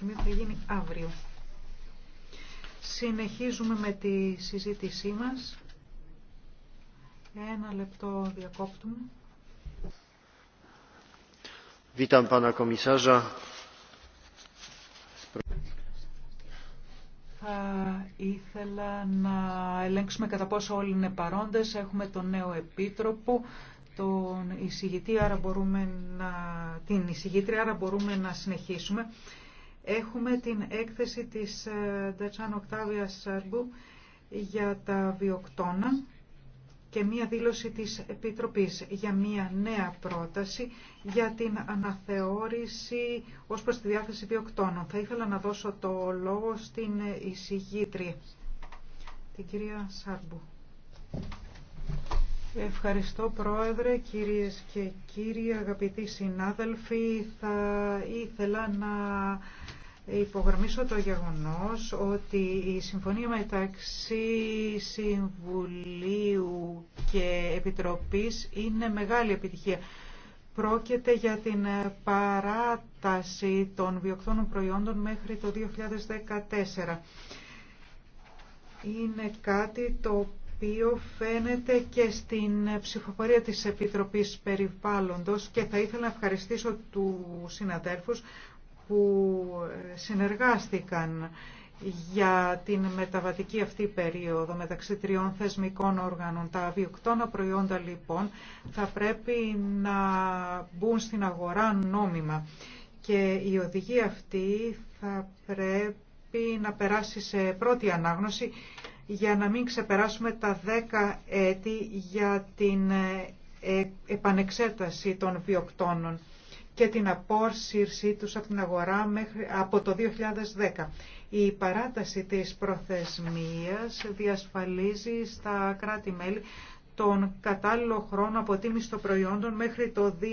ψωμί θα γίνει αύριο. Συνεχίζουμε με τη συζήτησή μας. Ένα λεπτό διακόπτουμε. Witam pana Θα ήθελα να ελέγξουμε κατά πόσο όλοι είναι παρόντες. Έχουμε τον νέο επίτροπο, τον εισηγητή, άρα μπορούμε να... την εισηγήτρια, άρα μπορούμε να συνεχίσουμε. Έχουμε την έκθεση της Ντατσάν Οκτάβια Σάρμπου για τα βιοκτώνα και μία δήλωση της Επιτροπής για μία νέα πρόταση για την αναθεώρηση ως προς τη διάθεση βιοκτόνων. Θα ήθελα να δώσω το λόγο στην εισηγήτρια, την κυρία Σάρμπου. Ευχαριστώ Πρόεδρε, κυρίες και κύριοι, αγαπητοί συνάδελφοι. Θα ήθελα να υπογραμμίσω το γεγονός ότι η συμφωνία μεταξύ Συμβουλίου και Επιτροπής είναι μεγάλη επιτυχία. Πρόκειται για την παράταση των βιοκτώνων προϊόντων μέχρι το 2014. Είναι κάτι το οποίο φαίνεται και στην ψηφοφορία της Επιτροπής Περιβάλλοντος και θα ήθελα να ευχαριστήσω του συναδέλφους που ε, συνεργάστηκαν για την μεταβατική αυτή περίοδο μεταξύ τριών θεσμικών όργανων. Τα βιοκτώνα προϊόντα λοιπόν θα πρέπει να μπουν στην αγορά νόμιμα και η οδηγία αυτή θα πρέπει να περάσει σε πρώτη ανάγνωση για να μην ξεπεράσουμε τα 10 έτη για την ε, ε, επανεξέταση των βιοκτώνων και την απόρσυρσή τους από την αγορά μέχρι, από το 2010. Η παράταση της προθεσμίας διασφαλίζει στα κράτη-μέλη τον κατάλληλο χρόνο αποτίμηση των προϊόντων μέχρι το 2014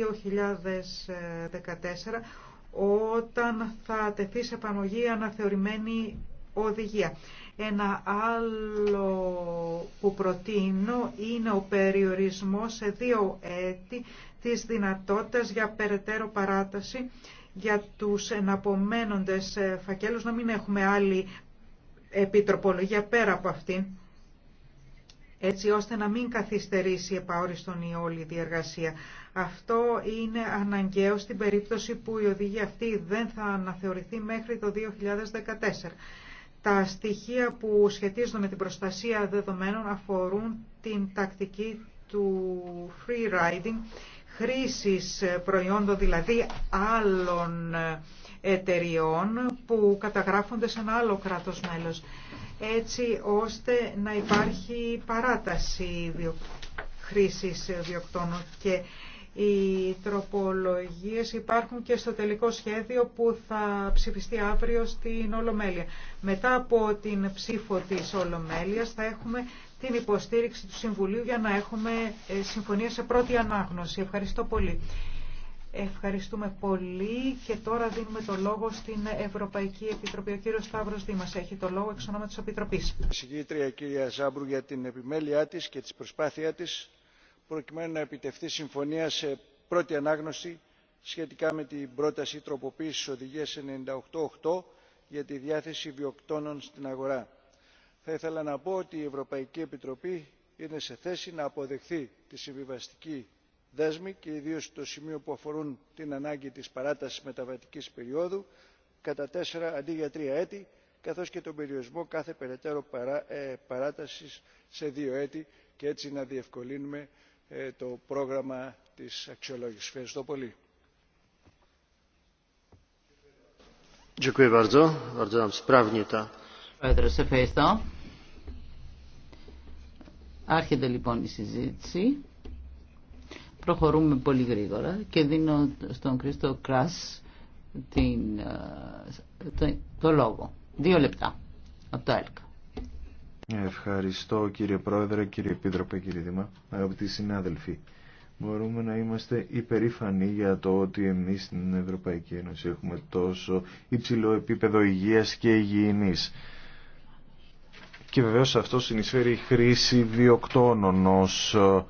όταν θα τεθεί σε εφαρμογή αναθεωρημένη οδηγία. Ένα άλλο που προτείνω είναι ο περιορισμός σε δύο έτη της δυνατότητας για περαιτέρω παράταση για τους εναπομένοντες ε, φακέλους, να μην έχουμε άλλη επιτροπολογία πέρα από αυτήν, έτσι ώστε να μην καθυστερήσει επαόριστον η όλη διεργασία. Αυτό είναι αναγκαίο στην περίπτωση που η οδηγία αυτή δεν θα αναθεωρηθεί μέχρι το 2014. Τα στοιχεία που σχετίζονται με την προστασία δεδομένων αφορούν την τακτική του free riding χρήσης προϊόντων, δηλαδή άλλων εταιριών που καταγράφονται σε ένα άλλο κράτος μέλος, έτσι ώστε να υπάρχει παράταση χρήσης βιοκτώνων και οι τροπολογίες υπάρχουν και στο τελικό σχέδιο που θα ψηφιστεί αύριο στην Ολομέλεια. Μετά από την ψήφο της Ολομέλειας θα έχουμε την υποστήριξη του Συμβουλίου για να έχουμε ε, συμφωνία σε πρώτη ανάγνωση. Ευχαριστώ πολύ. Ευχαριστούμε πολύ και τώρα δίνουμε το λόγο στην Ευρωπαϊκή Επιτροπή. Ο κύριος Σταύρος Δήμας έχει το λόγο εξ ονόματος της Επιτροπής. Συγκήτρια κυρία Ζάμπρου για την επιμέλειά της και τη προσπάθειά τη προκειμένου να επιτευχθεί συμφωνία σε πρώτη ανάγνωση σχετικά με την πρόταση τροποποίησης οδηγίας 98/8 για τη διάθεση βιοκτώνων στην αγορά. Θα ήθελα να πω ότι η Ευρωπαϊκή Επιτροπή είναι σε θέση να αποδεχθεί τη συμβιβαστική δέσμη και ιδίω το σημείο που αφορούν την ανάγκη της παράτασης μεταβατικής περίοδου κατά τέσσερα αντί για τρία έτη, καθώς και τον περιορισμό κάθε περαιτέρω ε, παράτασης σε δύο έτη και έτσι να διευκολύνουμε ε, το πρόγραμμα της αξιολόγησης. Ευχαριστώ πολύ. ευχαριστώ. Άρχεται λοιπόν η συζήτηση. Προχωρούμε πολύ γρήγορα και δίνω στον Κρίστο Κράς την, ε, το, το λόγο. Δύο λεπτά από το ΕΛΚΑ. Ευχαριστώ κύριε Πρόεδρε, κύριε Επίτροπε, κύριε Δήμα, αγαπητοί συνάδελφοι. Μπορούμε να είμαστε υπερήφανοι για το ότι εμείς στην Ευρωπαϊκή Ένωση έχουμε τόσο υψηλό επίπεδο υγείας και υγιεινής. Και βεβαίως αυτό συνεισφέρει η χρήση διοκτώνων ως ε,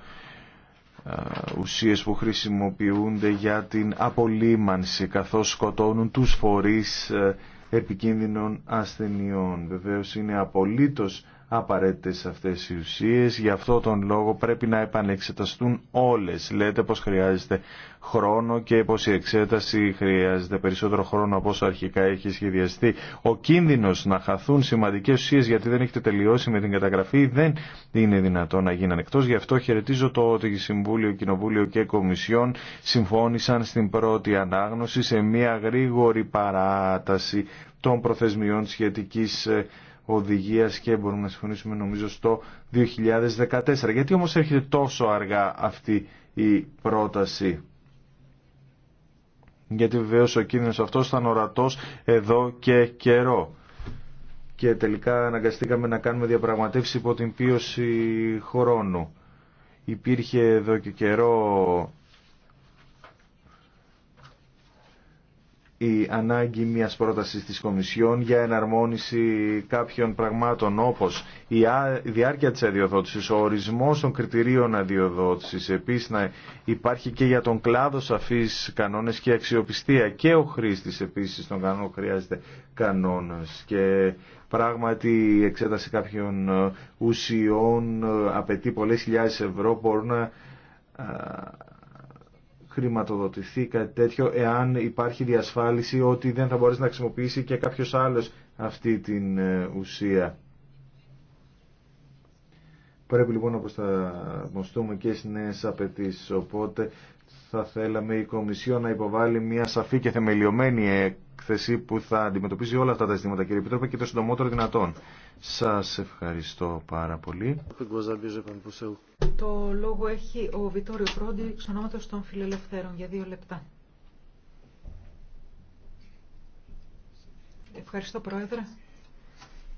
ε, ουσίες που χρησιμοποιούνται για την απολύμανση καθώς σκοτώνουν τους φορείς ε, επικίνδυνων ασθενειών. Βεβαίως είναι απολύτως απαραίτητες αυτές οι ουσίες. Γι' αυτό τον λόγο πρέπει να επανεξεταστούν όλες. Λέτε πως χρειάζεται χρόνο και πως η εξέταση χρειάζεται περισσότερο χρόνο από όσο αρχικά έχει σχεδιαστεί. Ο κίνδυνος να χαθούν σημαντικές ουσίες γιατί δεν έχετε τελειώσει με την καταγραφή δεν είναι δυνατό να γίνανε. Εκτός γι' αυτό χαιρετίζω το ότι η Συμβούλιο, Κοινοβούλιο και Κομισιόν συμφώνησαν στην πρώτη ανάγνωση σε μια γρήγορη παράταση των προθεσμιών σχετικής ε, Οδηγία και μπορούμε να συμφωνήσουμε νομίζω στο 2014. Γιατί όμως έρχεται τόσο αργά αυτή η πρόταση. Γιατί βεβαίως ο κίνδυνος αυτός ήταν ορατός εδώ και καιρό. Και τελικά αναγκαστήκαμε να κάνουμε διαπραγματεύσει υπό την πίωση χρόνου. Υπήρχε εδώ και καιρό η ανάγκη μιας πρότασης της Κομισιόν για εναρμόνιση κάποιων πραγμάτων όπως η διάρκεια της αδειοδότησης, ο ορισμός των κριτηρίων αδειοδότησης, επίσης να υπάρχει και για τον κλάδο σαφής κανόνες και αξιοπιστία και ο χρήστης επίσης των κανόνων χρειάζεται κανόνες και πράγματι η εξέταση κάποιων ουσιών ε, απαιτεί πολλές χιλιάδες ευρώ μπορούν να χρηματοδοτηθεί κάτι τέτοιο εάν υπάρχει διασφάλιση ότι δεν θα μπορέσει να χρησιμοποιήσει και κάποιος άλλος αυτή την ε, ουσία. Πρέπει λοιπόν να προσταμωστούμε και στις νέες απαιτήσει. οπότε θα θέλαμε η Κομισιό να υποβάλει μια σαφή και θεμελιωμένη έκθεση που θα αντιμετωπίζει όλα αυτά τα ζητήματα κύριε Επιτρόπε και το συντομότερο δυνατόν. Σα ευχαριστώ πάρα πολύ. Το λόγο έχει ο Βιτόριο Πρόντι, ξενόματος των φιλελευθέρων για δύο λεπτά. Ευχαριστώ Πρόεδρε.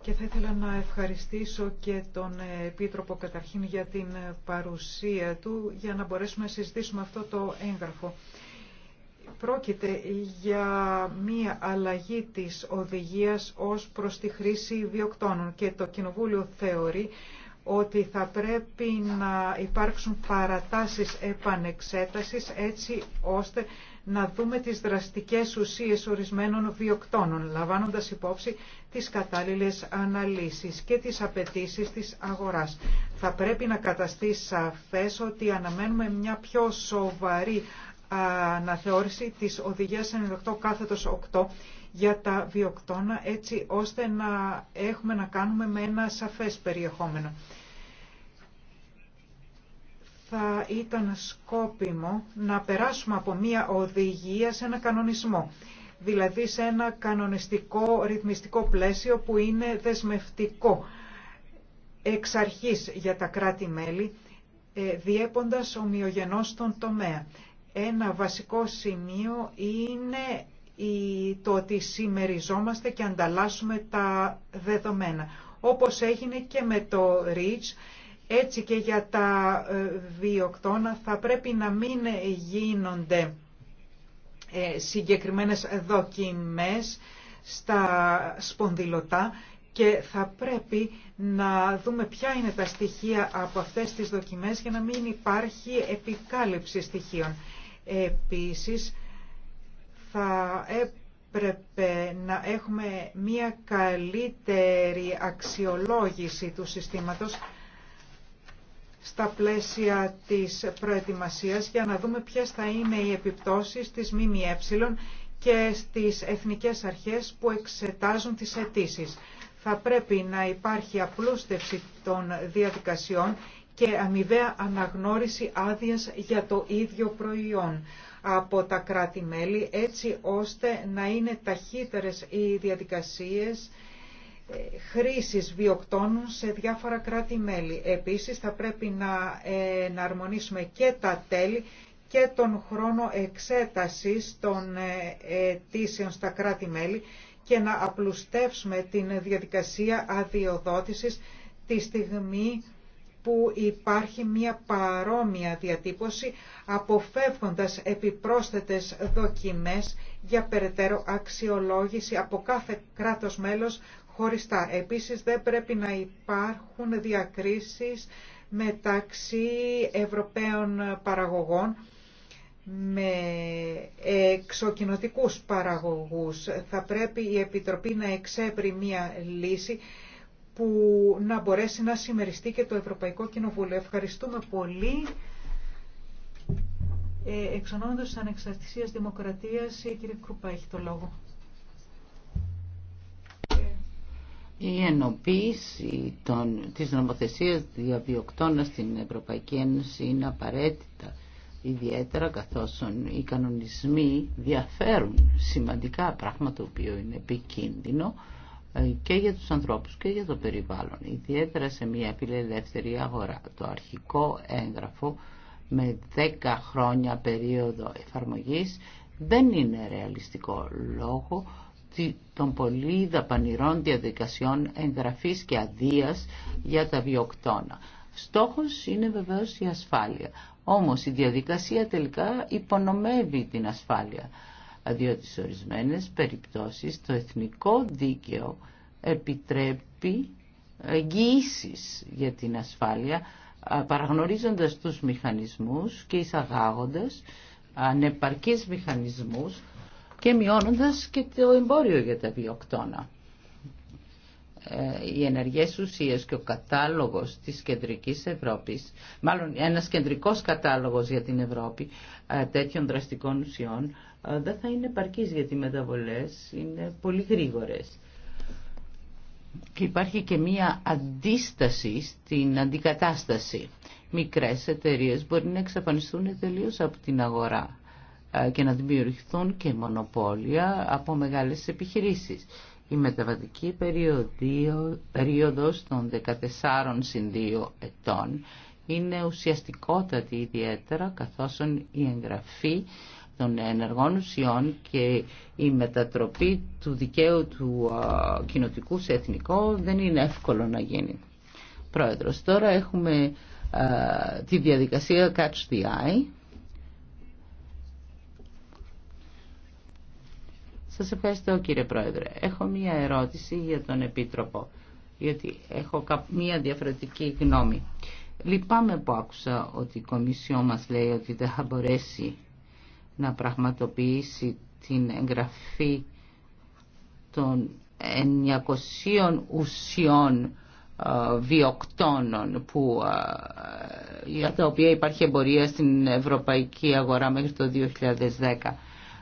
Και θα ήθελα να ευχαριστήσω και τον ε, Επίτροπο καταρχήν για την ε, παρουσία του για να μπορέσουμε να συζητήσουμε αυτό το έγγραφο. Πρόκειται για μία αλλαγή της οδηγίας ως προς τη χρήση βιοκτώνων και το Κοινοβούλιο θεωρεί ότι θα πρέπει να υπάρξουν παρατάσεις επανεξέτασης έτσι ώστε να δούμε τις δραστικές ουσίες ορισμένων βιοκτώνων, λαμβάνοντας υπόψη τις κατάλληλες αναλύσεις και τις απαιτήσει της αγοράς. Θα πρέπει να καταστεί σαφές ότι αναμένουμε μια πιο σοβαρή αναθεώρηση της οδηγίας 98 κάθετος 8 για τα βιοκτώνα έτσι ώστε να έχουμε να κάνουμε με ένα σαφές περιεχόμενο. Θα ήταν σκόπιμο να περάσουμε από μία οδηγία σε ένα κανονισμό, δηλαδή σε ένα κανονιστικό ρυθμιστικό πλαίσιο που είναι δεσμευτικό εξ αρχής για τα κράτη-μέλη, ε, διέποντας ομοιογενώς τον τομέα. Ένα βασικό σημείο είναι το ότι συμμεριζόμαστε και ανταλλάσσουμε τα δεδομένα. Όπως έγινε και με το REACH, έτσι και για τα ε, βιοκτώνα θα πρέπει να μην γίνονται ε, συγκεκριμένες δοκιμές στα σπονδυλωτά και θα πρέπει να δούμε ποια είναι τα στοιχεία από αυτές τις δοκιμές για να μην υπάρχει επικάλυψη στοιχείων. Επίσης, θα έπρεπε να έχουμε μία καλύτερη αξιολόγηση του συστήματος στα πλαίσια της προετοιμασίας για να δούμε ποιες θα είναι οι επιπτώσεις της ΜΜΕ και στις εθνικές αρχές που εξετάζουν τις αιτήσει. Θα πρέπει να υπάρχει απλούστευση των διαδικασιών και αμοιβαία αναγνώριση άδειας για το ίδιο προϊόν από τα κράτη-μέλη έτσι ώστε να είναι ταχύτερες οι διαδικασίες ε, χρήσης βιοκτώνων σε διάφορα κράτη-μέλη. Επίσης θα πρέπει να εναρμονίσουμε και τα τέλη και τον χρόνο εξέτασης των ε, αιτήσεων στα κράτη-μέλη και να απλουστεύσουμε την διαδικασία αδειοδότησης τη στιγμή που υπάρχει μια παρόμοια διατύπωση αποφεύγοντας επιπρόσθετες δοκιμές για περαιτέρω αξιολόγηση από κάθε κράτος μέλος χωριστά. Επίσης δεν πρέπει να υπάρχουν διακρίσεις μεταξύ Ευρωπαίων παραγωγών με εξοκινοτικούς παραγωγούς. Θα πρέπει η Επιτροπή να εξέβρει μία λύση που να μπορέσει να συμμεριστεί και το Ευρωπαϊκό Κοινοβούλιο. Ευχαριστούμε πολύ. Ε, εξ της Ανεξαρτησίας Δημοκρατίας, η κυρία Κρουπά έχει το λόγο. Η ενοποίηση των, της νομοθεσίας διαβιοκτώνα στην Ευρωπαϊκή Ένωση είναι απαραίτητα ιδιαίτερα καθώς οι κανονισμοί διαφέρουν σημαντικά πράγματα, το οποίο είναι επικίνδυνο και για τους ανθρώπους και για το περιβάλλον, ιδιαίτερα σε μια φιλελεύθερη αγορά. Το αρχικό έγγραφο με 10 χρόνια περίοδο εφαρμογής δεν είναι ρεαλιστικό λόγο των πολύ δαπανηρών διαδικασιών εγγραφής και αδείας για τα βιοκτώνα. Στόχος είναι βεβαίως η ασφάλεια. Όμως η διαδικασία τελικά υπονομεύει την ασφάλεια διότι σε ορισμένες περιπτώσεις το εθνικό δίκαιο επιτρέπει εγγυήσει για την ασφάλεια παραγνωρίζοντας τους μηχανισμούς και εισαγάγοντας ανεπαρκείς μηχανισμούς και μειώνοντας και το εμπόριο για τα βιοκτώνα. Ε, οι ενεργές ουσίες και ο κατάλογος της κεντρικής Ευρώπης, μάλλον ένας κεντρικός κατάλογος για την Ευρώπη ε, τέτοιων δραστικών ουσιών, ε, δεν θα είναι επαρκής γιατί οι μεταβολές είναι πολύ γρήγορες. Και υπάρχει και μία αντίσταση στην αντικατάσταση. Μικρές εταιρείες μπορεί να εξαφανιστούν τελείως από την αγορά και να δημιουργηθούν και μονοπόλια από μεγάλες επιχειρήσεις. Η μεταβατική περίοδος των 14 συν 2 ετών είναι ουσιαστικότατη ιδιαίτερα καθώς η εγγραφή των ενεργών ουσιών και η μετατροπή του δικαίου του κοινοτικού σε εθνικό δεν είναι εύκολο να γίνει. Πρόεδρος, τώρα έχουμε τη διαδικασία Catch the Eye Σας ευχαριστώ κύριε Πρόεδρε. Έχω μία ερώτηση για τον Επίτροπο, γιατί έχω μία διαφορετική γνώμη. Λυπάμαι που άκουσα ότι η Κομισιό μας λέει ότι δεν θα μπορέσει να πραγματοποιήσει την εγγραφή των 900 ουσιών βιοκτώνων που, για τα οποία υπάρχει εμπορία στην ευρωπαϊκή αγορά μέχρι το 2010.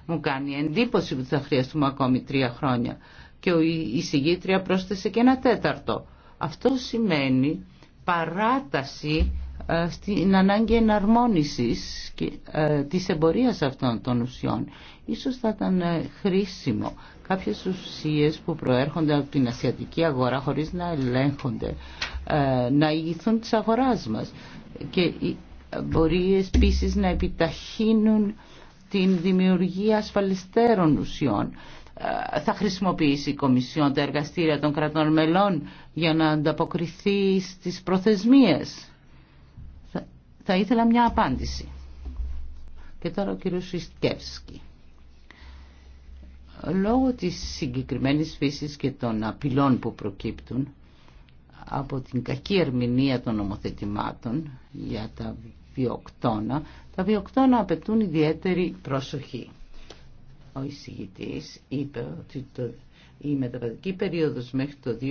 Μου κάνει εντύπωση που θα χρειαστούμε ακόμη τρία χρόνια. Και η συγγήτρια πρόσθεσε και ένα τέταρτο. Αυτό σημαίνει παράταση ε, στην ανάγκη εναρμόνισης και, ε, της εμπορίας αυτών των ουσιών. Ίσως θα ήταν ε, χρήσιμο κάποιες ουσίες που προέρχονται από την ασιατική αγορά χωρίς να ελέγχονται να ηγηθούν της αγοράς μας και μπορεί επίση να επιταχύνουν την δημιουργία ασφαλιστέρων ουσιών. Ε, θα χρησιμοποιήσει η Κομισιόν τα εργαστήρια των κρατών μελών για να ανταποκριθεί στις προθεσμίες. Θα ήθελα μια απάντηση. Και τώρα ο κύριος Ιστκεύσκη. Λόγω της συγκεκριμένης φύσης και των απειλών που προκύπτουν από την κακή ερμηνεία των νομοθετημάτων για τα βιοκτώνα, τα βιοκτώνα απαιτούν ιδιαίτερη προσοχή. Ο εισηγητής είπε ότι το, η μεταβατική περίοδος μέχρι το 2014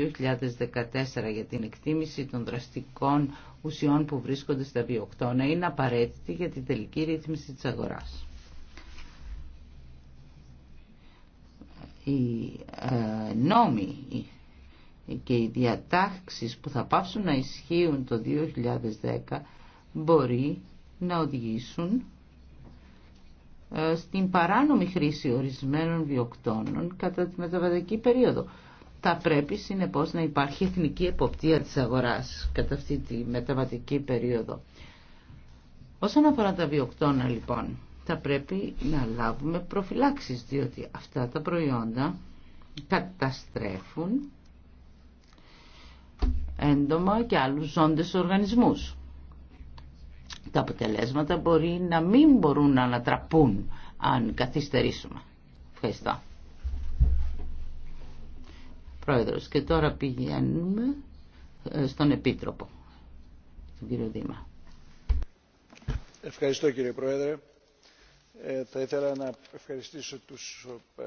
για την εκτίμηση των δραστικών ουσιών που βρίσκονται στα βιοκτώνα είναι απαραίτητη για την τελική ρύθμιση της αγοράς. Οι ε, νόμοι και οι διατάξεις που θα πάψουν να ισχύουν το 2010 μπορεί να οδηγήσουν ε, στην παράνομη χρήση ορισμένων βιοκτώνων κατά τη μεταβατική περίοδο. Θα πρέπει συνεπώς να υπάρχει εθνική εποπτεία της αγοράς κατά αυτή τη μεταβατική περίοδο. Όσον αφορά τα βιοκτώνα λοιπόν, θα πρέπει να λάβουμε προφυλάξεις διότι αυτά τα προϊόντα καταστρέφουν έντομα και άλλους ζώντες οργανισμούς τα αποτελέσματα μπορεί να μην μπορούν να ανατραπούν αν καθυστερήσουμε. Ευχαριστώ. Πρόεδρος, και τώρα πηγαίνουμε ε, στον Επίτροπο, τον κύριο Δήμα. Ευχαριστώ κύριε Πρόεδρε. Ε, θα ήθελα να ευχαριστήσω τους ε,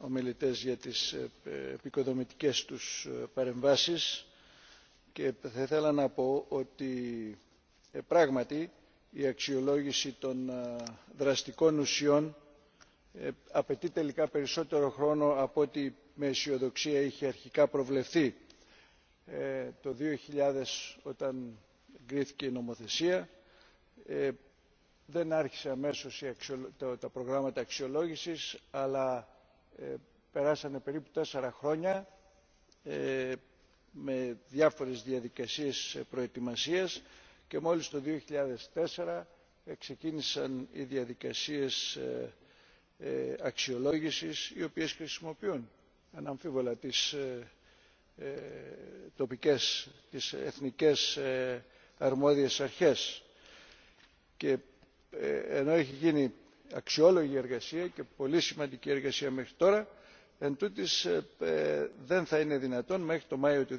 ομιλητές για τις ε, επικοδομητικές τους παρεμβάσεις και θα ήθελα να πω ότι ε, πράγματι η αξιολόγηση των ε, δραστικών ουσιών ε, απαιτεί τελικά περισσότερο χρόνο από ό,τι με αισιοδοξία είχε αρχικά προβλεφθεί. Το 2000 όταν εγκρίθηκε η νομοθεσία δεν άρχισε αμέσως τα προγράμματα αξιολόγησης αλλά περάσανε περίπου τέσσερα χρόνια με διάφορες διαδικασίες προετοιμασίας και μόλις το 2004 ξεκίνησαν οι διαδικασίες ε, ε, αξιολόγησης οι οποίες χρησιμοποιούν αναμφίβολα τις ε, τοπικές, τις εθνικές αρμόδιες αρχές. Και ενώ έχει γίνει αξιόλογη εργασία και πολύ σημαντική εργασία μέχρι τώρα, εν δεν θα είναι δυνατόν μέχρι το Μάιο του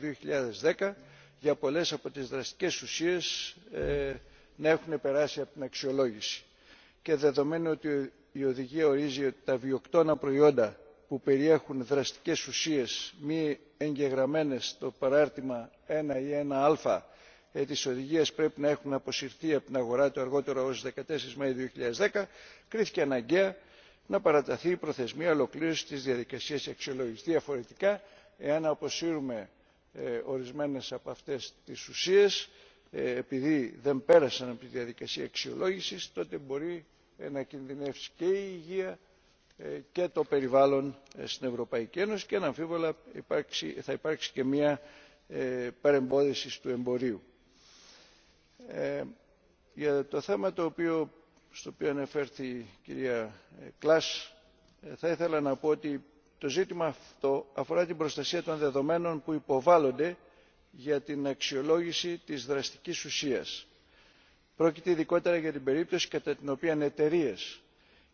2010 για πολλές από τις δραστικές ουσίες ε, να έχουν περάσει από την αξιολόγηση. Και δεδομένου ότι η οδηγία ορίζει ότι τα βιοκτώνα προϊόντα που περιέχουν δραστικές ουσίες μη εγγεγραμμένες στο παράρτημα 1 ή 1α ε, της οδηγίας πρέπει να έχουν αποσυρθεί από την αγορά το αργότερο ως 14 Μαΐου 2010, κρίθηκε αναγκαία να παραταθεί η προθεσμία ολοκλήρωσης της διαδικασίας αξιολόγησης. Διαφορετικά, εάν αποσύρουμε ε, ορισμένες από αυτές τις ουσίες ε, επειδή δεν πέρασαν από τη διαδικασία αξιολόγησης τότε μπορεί ε, να κινδυνεύσει και η υγεία και το περιβάλλον στην Ευρωπαϊκή Ένωση και αναμφίβολα θα υπάρξει και μια παρεμπόδιση του εμπορίου. Για το θέμα το οποίο, στο οποίο αναφέρθη η κυρία Κλάς θα ήθελα να πω ότι το ζήτημα αυτό αφορά την προστασία των δεδομένων που υποβάλλονται για την αξιολόγηση της δραστικής ουσίας. πρόκειται ειδικότερα για την περίπτωση κατά την οποία εταιρείε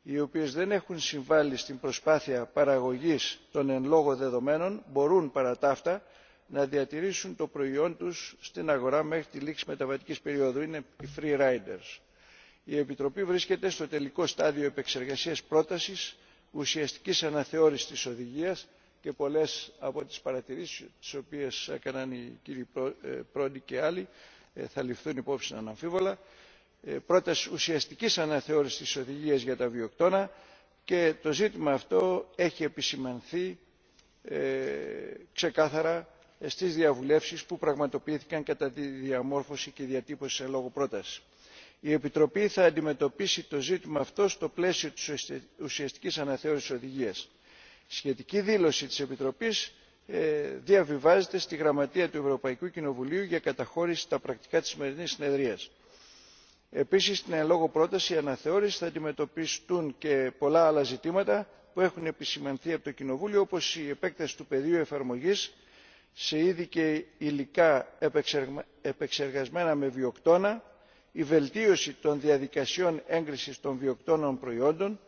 οι οποίες δεν έχουν συμβάλει στην προσπάθεια παραγωγής των εν λόγω δεδομένων μπορούν παρά να διατηρήσουν το προϊόν τους στην αγορά μέχρι τη λήξη μεταβατικής περίοδου. είναι οι free riders. η επιτροπή βρίσκεται στο τελικό στάδιο επεξεργασίας πρότασης ουσιαστικής αναθεώρησης της οδηγίας και πολλές από τις παρατηρήσεις τις οποίες έκαναν οι κύριοι ε, Πρόντι και άλλοι ε, θα ληφθούν υπόψη αναμφίβολα ε, πρόταση ουσιαστικής αναθεώρησης της οδηγίας για τα βιοκτώνα και το ζήτημα αυτό έχει επισημανθεί ξεκάθαρα στις διαβουλεύσεις που πραγματοποιήθηκαν κατά τη διαμόρφωση και διατύπωση σε λόγο πρόταση η επιτροπή θα αντιμετωπίσει το ζήτημα αυτό στο πλαίσιο της ουσιαστικής αναθεώρησης οδηγίας. σχετική δήλωση της επιτροπής ε, διαβιβάζεται στη γραμματεία του ευρωπαϊκού κοινοβουλίου για καταχώρηση στα πρακτικά της σημερινής συνεδρίας. επίσης στην εν λόγω πρόταση αναθεώρησης θα αντιμετωπιστούν και πολλά άλλα ζητήματα που έχουν επισημανθεί από το κοινοβούλιο όπως η επέκταση του πεδίου εφαρμογής σε είδη και υλικά επεξεργασμένα με βιοκτώνα η βελτίωση των διαδικασιών έγκρισης των βιοκτώνων προϊόντων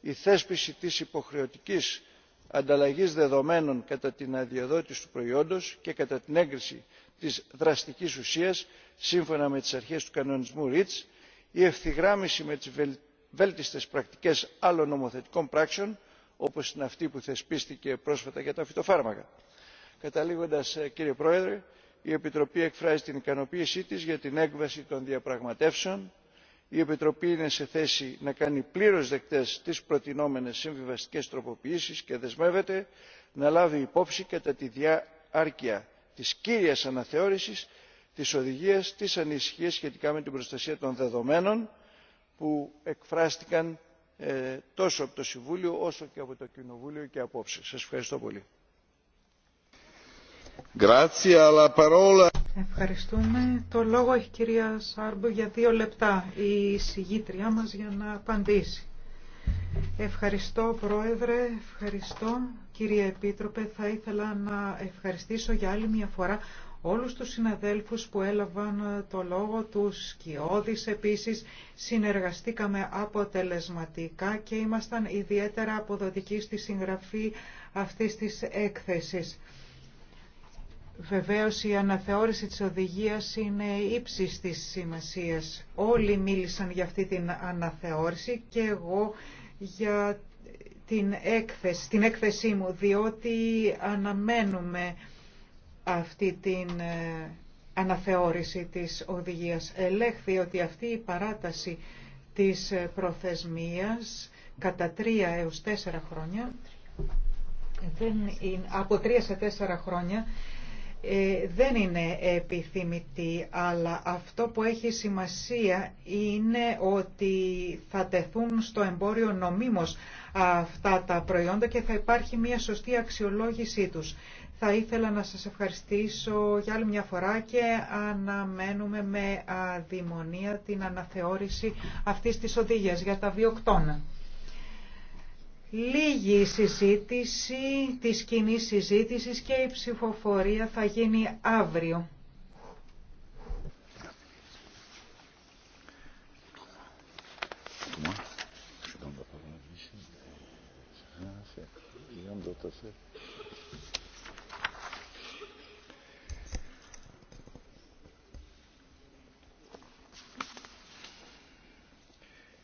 η θέσπιση της υποχρεωτικής ανταλλαγής δεδομένων κατά την αδειοδότηση του προϊόντος και κατά την έγκριση της δραστικής ουσίας σύμφωνα με τις αρχές του κανονισμού reach η ευθυγράμμιση με τις βέλτιστες πρακτικές άλλων νομοθετικών πράξεων όπως είναι αυτή που θεσπίστηκε πρόσφατα για τα φυτοφάρμακα. καταλήγοντας ε, κύριε πρόεδρε η επιτροπή εκφράζει την ικανοποίησή της για την έκβαση των διαπραγματεύσεων. η επιτροπή είναι σε θέση να κάνει πλήρως δεκτές τις προτινόμενες συμβιβαστικές τροποποιήσεις και δεσμεύεται να λάβει υπόψη κατά τη διάρκεια της κύριας αναθεώρησης της οδηγίας τις ανησυχίες σχετικά με την προστασία των δεδομένων που εκφράστηκαν ε, τόσο από το Συμβούλιο όσο και από το Κοινοβούλιο και απόψε. Σας ευχαριστώ πολύ. Ευχαριστούμε. Το λόγο έχει η κυρία Σάρμπου για δύο λεπτά, η συγγήτριά μας για να απαντήσει. Ευχαριστώ Πρόεδρε, ευχαριστώ κύριε Επίτροπε. Θα ήθελα να ευχαριστήσω για άλλη μια φορά όλους τους συναδέλφους που έλαβαν το λόγο τους κοιόδης επίσης συνεργαστήκαμε αποτελεσματικά και ήμασταν ιδιαίτερα αποδοτικοί στη συγγραφή αυτής της έκθεσης. Βεβαίως η αναθεώρηση της οδηγίας είναι ύψης της σημασίας. Όλοι μίλησαν για αυτή την αναθεώρηση και εγώ για την, έκθεση, την έκθεσή μου, διότι αναμένουμε αυτή την ε, αναθεώρηση της οδηγίας. Ελέγχθη ότι αυτή η παράταση της ε, προθεσμίας κατά τρία έως τέσσερα χρόνια, ε, δεν είναι, από τρία σε τέσσερα χρόνια, ε, δεν είναι επιθυμητή, αλλά αυτό που έχει σημασία είναι ότι θα τεθούν στο εμπόριο νομίμως αυτά τα προϊόντα και θα υπάρχει μια σωστή αξιολόγησή τους. Θα ήθελα να σας ευχαριστήσω για άλλη μια φορά και αναμένουμε με αδημονία την αναθεώρηση αυτής της οδηγίας για τα βιοκτώνα. Λίγη συζήτηση της κοινή συζήτησης και η ψηφοφορία θα γίνει αύριο.